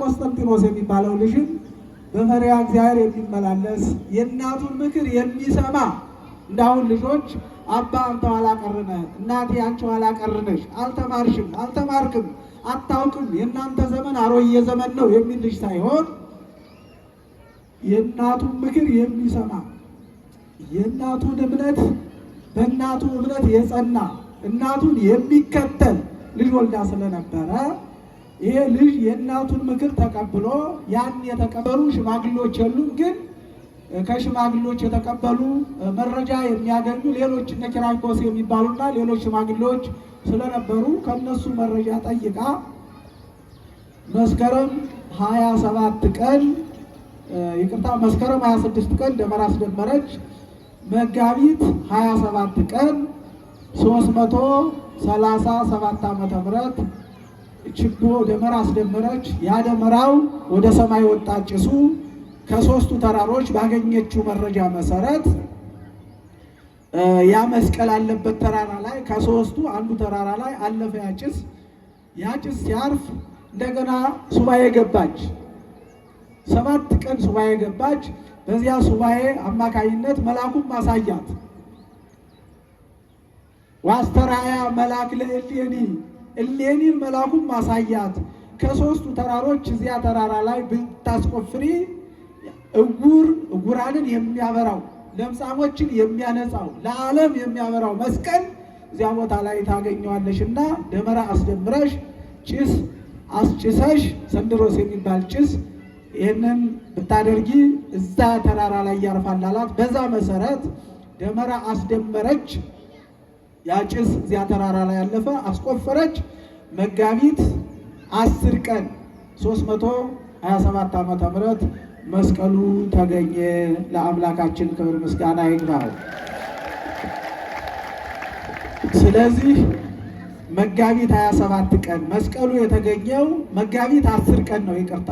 ቆስጠንጢኖስ የሚባለው ልጅም በፈሪሃ እግዚአብሔር የሚመላለስ የእናቱን ምክር የሚሰማ እንዳሁን ልጆች አባ አንተ ኋላ ቀርነ እናቴ አንቺ ኋላ ቀርነሽ አልተማርሽም፣ አልተማርክም፣ አታውቅም፣ የእናንተ ዘመን አሮየ ዘመን ነው የሚል ልጅ ሳይሆን የእናቱን ምክር የሚሰማ የእናቱን እምነት በእናቱ እምነት የጸና እናቱን የሚከተል ልጅ ወልዳ ስለነበረ ይሄ ልጅ የእናቱን ምክር ተቀብሎ ያን የተቀበሉ ሽማግሌዎች የሉም፣ ግን ከሽማግሌዎች የተቀበሉ መረጃ የሚያገኙ ሌሎች እነ ኪራይኮስ የሚባሉና ሌሎች ሽማግሌዎች ስለነበሩ ከነሱ መረጃ ጠይቃ መስከረም 27 ቀን ይቅርታ፣ መስከረም 26 ቀን ደመራ አስደመረች። መጋቢት 27 ቀን 337 ዓመተ ምህረት ችቦ ደመራ አስደመረች። ያ ደመራው ወደ ሰማይ ወጣ ጭሱ። ከሶስቱ ተራሮች ባገኘችው መረጃ መሰረት ያ መስቀል አለበት ተራራ ላይ ከሶስቱ አንዱ ተራራ ላይ አለፈ ያ ጭስ። ያ ጭስ ሲያርፍ እንደገና ሱባኤ ገባች። ሰባት ቀን ሱባኤ ገባች። በዚያ ሱባኤ አማካኝነት መልአኩም ማሳያት ዋስተራያ መልአክ ለእሌኒ እሌኒን መልአኩን ማሳያት ከሶስቱ ተራሮች እዚያ ተራራ ላይ ብታስቆፍሪ እጉር እጉራንን የሚያበራው ለምጻሞችን የሚያነጻው ለዓለም የሚያበራው መስቀል እዚያ ቦታ ላይ ታገኘዋለሽ እና ደመራ አስደምረሽ ጭስ አስጭሰሽ ሰንድሮስ የሚባል ጭስ ይህንን ብታደርጊ እዛ ተራራ ላይ ያርፋል አላት። በዛ መሰረት ደመራ አስደመረች። ያጭስ እዚያ ተራራ ላይ ያለፈ አስቆፈረች። መጋቢት አስር ቀን 327 ዓመተ ምህረት መስቀሉ ተገኘ። ለአምላካችን ክብር ምስጋና ይግባው። ስለዚህ መጋቢት 27 ቀን መስቀሉ የተገኘው መጋቢት አስር ቀን ነው። ይቅርታ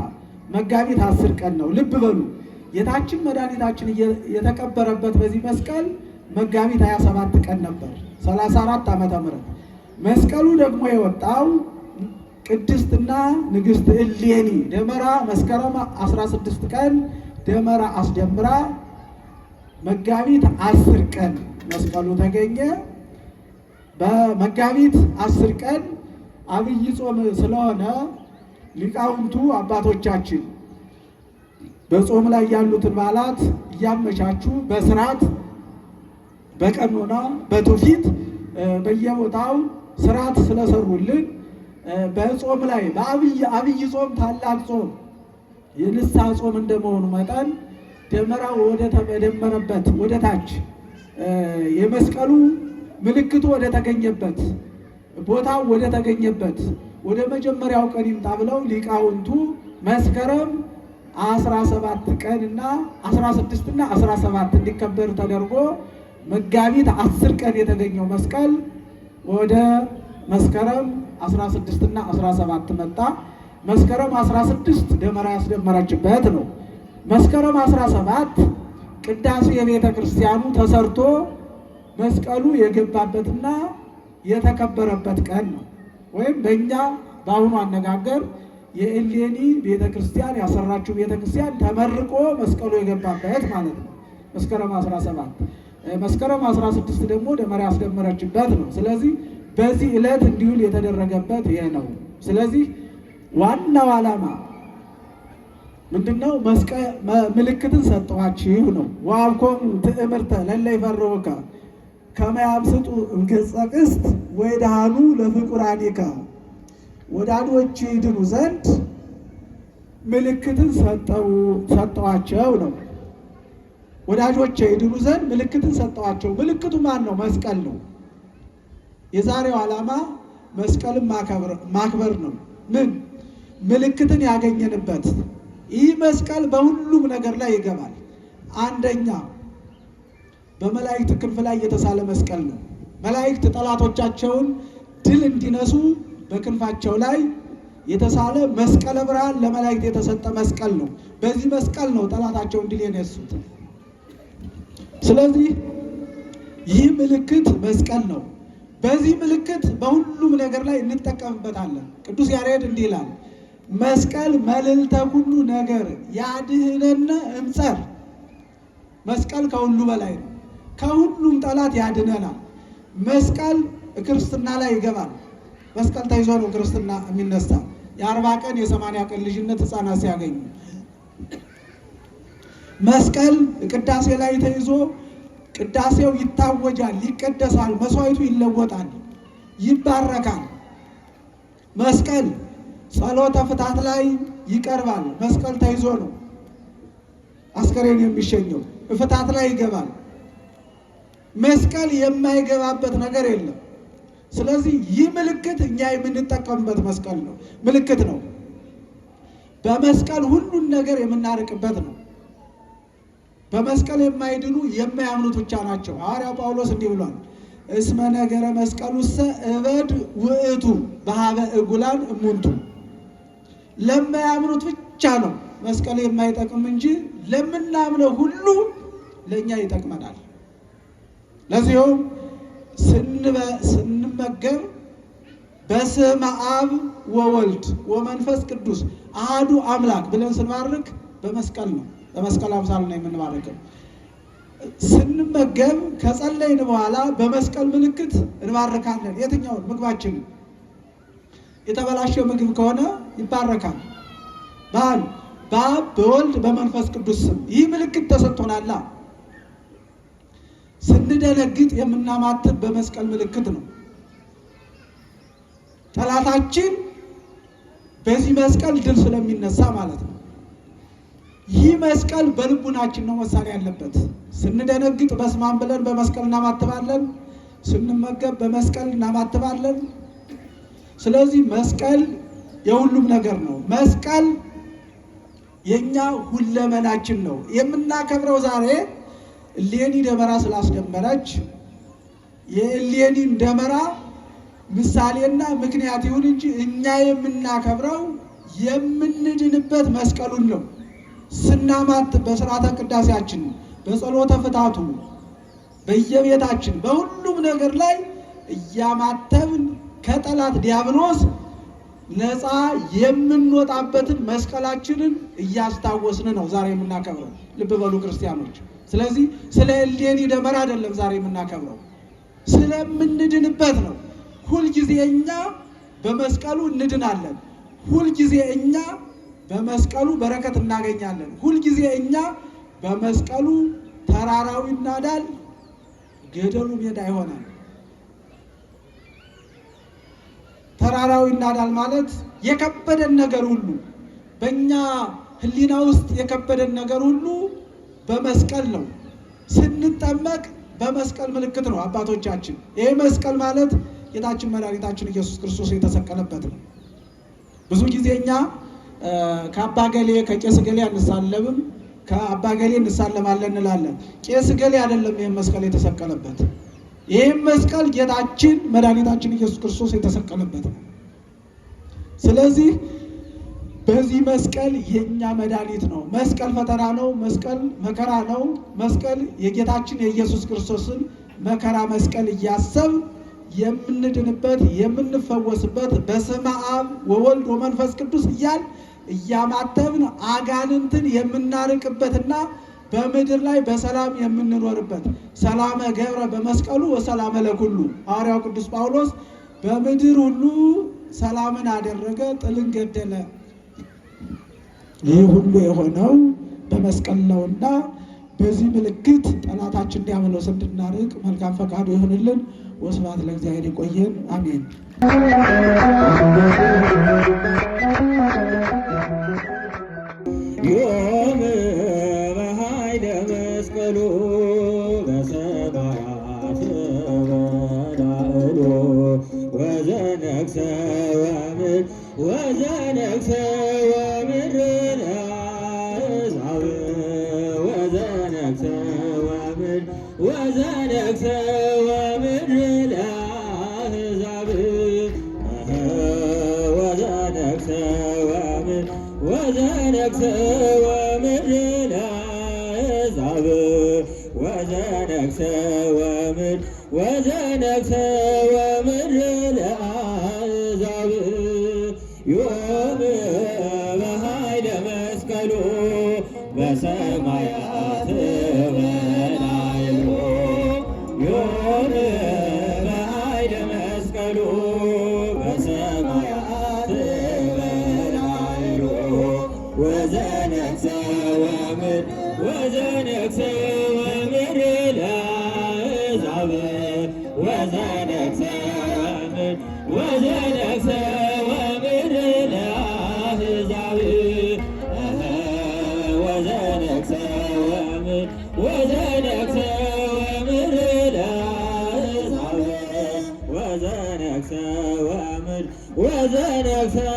መጋቢት አስር ቀን ነው። ልብ በሉ ጌታችን መድኃኒታችን የተቀበረበት በዚህ መስቀል መጋቢት 27 ቀን ነበር። 34 ዓመተ ምህረት መስቀሉ ደግሞ የወጣው ቅድስትና ንግስት እሌኒ ደመራ መስከረም 16 ቀን ደመራ አስደምራ መጋቢት አስር ቀን መስቀሉ ተገኘ። በመጋቢት አስር ቀን አብይ ጾም ስለሆነ ሊቃውንቱ አባቶቻችን በጾም ላይ ያሉትን በዓላት እያመቻቹ በስርዓት በቀኖና በትውፊት በየቦታው ስርዓት ስለሰሩልን በጾም ላይ በአብይ አብይ ጾም ታላቅ ጾም የንስሐ ጾም እንደመሆኑ መጠን ደመራው ወደ ተደመረበት ወደ ታች የመስቀሉ ምልክቱ ወደ ተገኘበት ቦታው ወደ ተገኘበት ወደ መጀመሪያው ቀን ይምጣ ብለው ሊቃውንቱ መስከረም 17 ቀንና 16 እና 17 እንዲከበር ተደርጎ መጋቢት አስር ቀን የተገኘው መስቀል ወደ መስከረም 16 እና 17 መጣ። መስከረም 16 ደመራ ያስደመረችበት ነው። መስከረም 17 ቅዳሴ የቤተ ክርስቲያኑ ተሰርቶ መስቀሉ የገባበትና የተከበረበት ቀን ነው። ወይም በእኛ በአሁኑ አነጋገር የኤሌኒ ቤተ ክርስቲያን ያሰራችው ቤተ ክርስቲያን ተመርቆ መስቀሉ የገባበት ማለት ነው መስከረም 17 መስከረም 16 ደግሞ ደመራ ያስደመረችበት ነው። ስለዚህ በዚህ ዕለት እንዲውል የተደረገበት ይሄ ነው። ስለዚህ ዋናው ዓላማ ምንድነው? ምልክትን ሰጠኋችሁ ነው። ወአብኮሙ ትእምርተ ለለ ይፈርሁከ ከመያምስጡ እንገጸ ቅስት ወይድሃኑ ለፍቁራኒከ ወዳዶች ይድኑ ዘንድ ምልክትን ሰጠዋቸው ነው። ወዳጆች ይድኑ ዘንድ ምልክትን ሰጠዋቸው። ምልክቱ ማን ነው? መስቀል ነው። የዛሬው ዓላማ መስቀልን ማክበር ነው። ምን ምልክትን ያገኘንበት ይህ መስቀል በሁሉም ነገር ላይ ይገባል። አንደኛ በመላእክት ክንፍ ላይ የተሳለ መስቀል ነው። መላእክት ጠላቶቻቸውን ድል እንዲነሱ በክንፋቸው ላይ የተሳለ መስቀለ ብርሃን ለመላእክት የተሰጠ መስቀል ነው። በዚህ መስቀል ነው ጠላታቸውን ድል የነሱት። ስለዚህ ይህ ምልክት መስቀል ነው። በዚህ ምልክት በሁሉም ነገር ላይ እንጠቀምበታለን። ቅዱስ ያሬድ እንዲህ ይላል፣ መስቀል መልዕልተ ሁሉ ነገር ያድህነነ እምጸር። መስቀል ከሁሉ በላይ ነው። ከሁሉም ጠላት ያድነናል። መስቀል ክርስትና ላይ ይገባል። መስቀል ተይዞ ነው ክርስትና የሚነሳ የአርባ ቀን የሰማንያ ቀን ልጅነት ህፃናት ሲያገኙ መስቀል ቅዳሴ ላይ ተይዞ ቅዳሴው ይታወጃል፣ ይቀደሳል፣ መስዋዕቱ ይለወጣል፣ ይባረካል። መስቀል ጸሎተ ፍታት ላይ ይቀርባል። መስቀል ተይዞ ነው አስከሬን የሚሸኘው፣ እፍታት ላይ ይገባል። መስቀል የማይገባበት ነገር የለም። ስለዚህ ይህ ምልክት እኛ የምንጠቀምበት መስቀል ነው፣ ምልክት ነው። በመስቀል ሁሉን ነገር የምናርቅበት ነው። በመስቀል የማይድኑ የማያምኑት ብቻ ናቸው። ሐዋርያው ጳውሎስ እንዲህ ብሏል፣ እስመ ነገረ ሰ እበድ ውእቱ በሀበ እጉላን እሙንቱ። ለማያምኑት ብቻ ነው መስቀል የማይጠቅም እንጂ ለምናምነው ሁሉ ለእኛ ይጠቅመናል። ለዚሁም ስንመገብ በስመ አብ ወወልድ ወመንፈስ ቅዱስ አህዱ አምላክ ብለን ስንባርክ በመስቀል ነው። በመስቀል አምሳል ነው የምንባረከው። ስንመገብ ከጸለይን በኋላ በመስቀል ምልክት እንባርካለን። የትኛውን ምግባችን የተበላሸ ምግብ ከሆነ ይባረካል። በአብ በአብ በወልድ በመንፈስ ቅዱስ ስም ይህ ምልክት ተሰጥቶናላ። ስንደነግጥ የምናማትብ በመስቀል ምልክት ነው። ጠላታችን በዚህ መስቀል ድል ስለሚነሳ ማለት ነው። ይህ መስቀል በልቡናችን ነው መሳሪያ ያለበት። ስንደነግጥ በስማም ብለን በመስቀል እናማትባለን። ስንመገብ በመስቀል እናማትባለን። ስለዚህ መስቀል የሁሉም ነገር ነው። መስቀል የእኛ ሁለመናችን ነው። የምናከብረው ዛሬ እሌኒ ደመራ ስላስደመረች የእሌኒን ደመራ ምሳሌና ምክንያት ይሁን እንጂ እኛ የምናከብረው የምንድንበት መስቀሉን ነው። ስናማት በስርዓተ ቅዳሴያችን፣ በጸሎተ ፍታቱ፣ በየቤታችን በሁሉም ነገር ላይ እያማተብን ከጠላት ዲያብሎስ ነፃ የምንወጣበትን መስቀላችንን እያስታወስን ነው ዛሬ የምናከብረው። ልብ በሉ ክርስቲያኖች። ስለዚህ ስለ እሌኒ ደመራ አይደለም ዛሬ የምናከብረው ስለምንድንበት ነው። ሁልጊዜ እኛ በመስቀሉ እንድናለን። ሁልጊዜ እኛ በመስቀሉ በረከት እናገኛለን። ሁልጊዜ እኛ በመስቀሉ ተራራው ይናዳል፣ ገደሉ ሜዳ ይሆናል። ተራራው ይናዳል ማለት የከበደን ነገር ሁሉ በእኛ ሕሊና ውስጥ የከበደን ነገር ሁሉ በመስቀል ነው። ስንጠመቅ በመስቀል ምልክት ነው አባቶቻችን። ይህ መስቀል ማለት ጌታችን መድኃኒታችን ኢየሱስ ክርስቶስ የተሰቀለበት ነው። ብዙ ጊዜ እኛ ከአባ ገሌ ከቄስ ገሌ አንሳለምም፣ ከአባ ገሌ እንሳለማለን እንላለን። ቄስ ገሌ አይደለም ይህም መስቀል የተሰቀለበት። ይህም መስቀል ጌታችን መድኃኒታችን ኢየሱስ ክርስቶስ የተሰቀለበት ነው። ስለዚህ በዚህ መስቀል የእኛ መድኃኒት ነው። መስቀል ፈተና ነው። መስቀል መከራ ነው። መስቀል የጌታችን የኢየሱስ ክርስቶስን መከራ መስቀል እያሰብ የምንድንበት የምንፈወስበት በስመ አብ ወወልድ ወመንፈስ ቅዱስ እያል እያማተብን አጋንንትን የምናርቅበትና በምድር ላይ በሰላም የምንኖርበት ሰላመ ገብረ በመስቀሉ ወሰላመ ለኩሉ ሐዋርያው ቅዱስ ጳውሎስ በምድር ሁሉ ሰላምን አደረገ፣ ጥልን ገደለ። ይህ ሁሉ የሆነው በመስቀል ነውና በዚህ ምልክት ጠላታችን ዲያብሎስን እንድናርቅ መልካም ፈቃዱ ይሆንልን። ወስብሐት ለእግዚአብሔር። ይቆየን። አሜን። ነግሥ ወምድር ለሕዛብ ወዘነግሥ ወምድር ወዘነግሥ ಜನ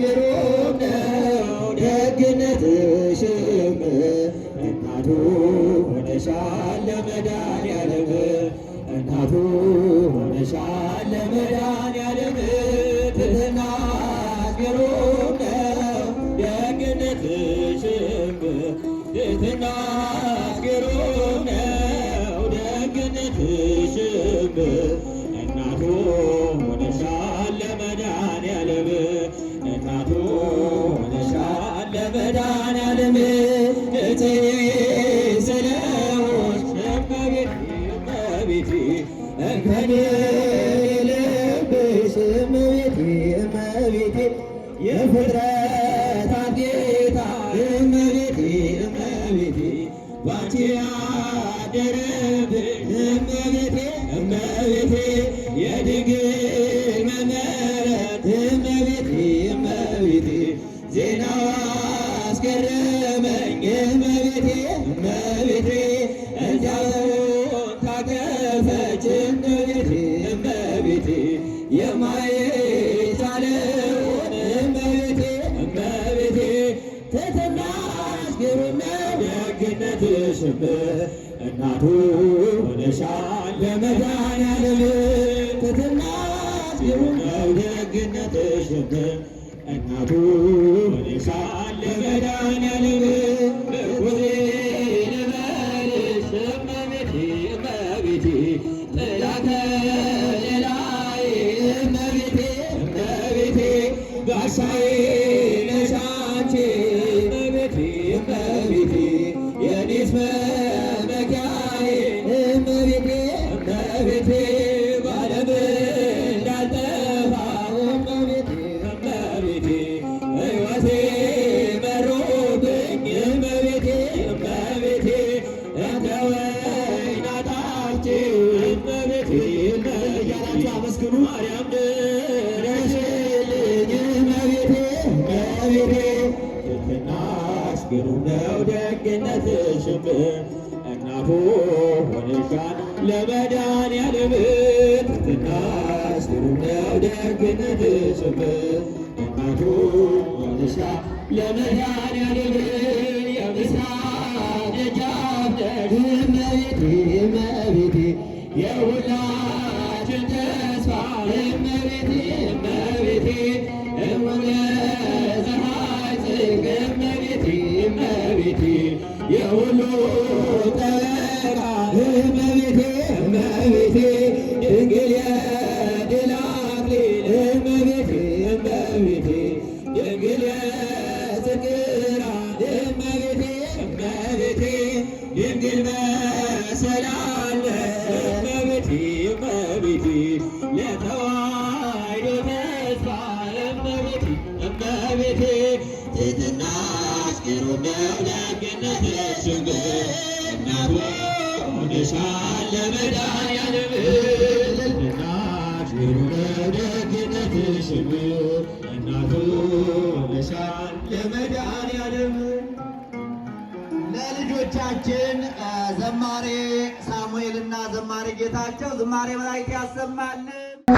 ግሩም ደግነትሽ እናቱ ሆነሻል ለመድኃኒዓለም እናቱ ሆነሻል ነው ደግነትሽ ሽብር እናቱ ሆነሻል ለመድኃኒዓለም ትትናት የሆነው ደግነትሽ እናቱ ሆነሻል ለመድኃኒዓለም ይገባል ለመድኃኔዓለም ስናስሩ ነው ደግነት ጽብር እናቱ ዋንሳ ለመድኃኔዓለም የምሳ ደጃፍ ዝማሬ መላእክት ያሰማልን።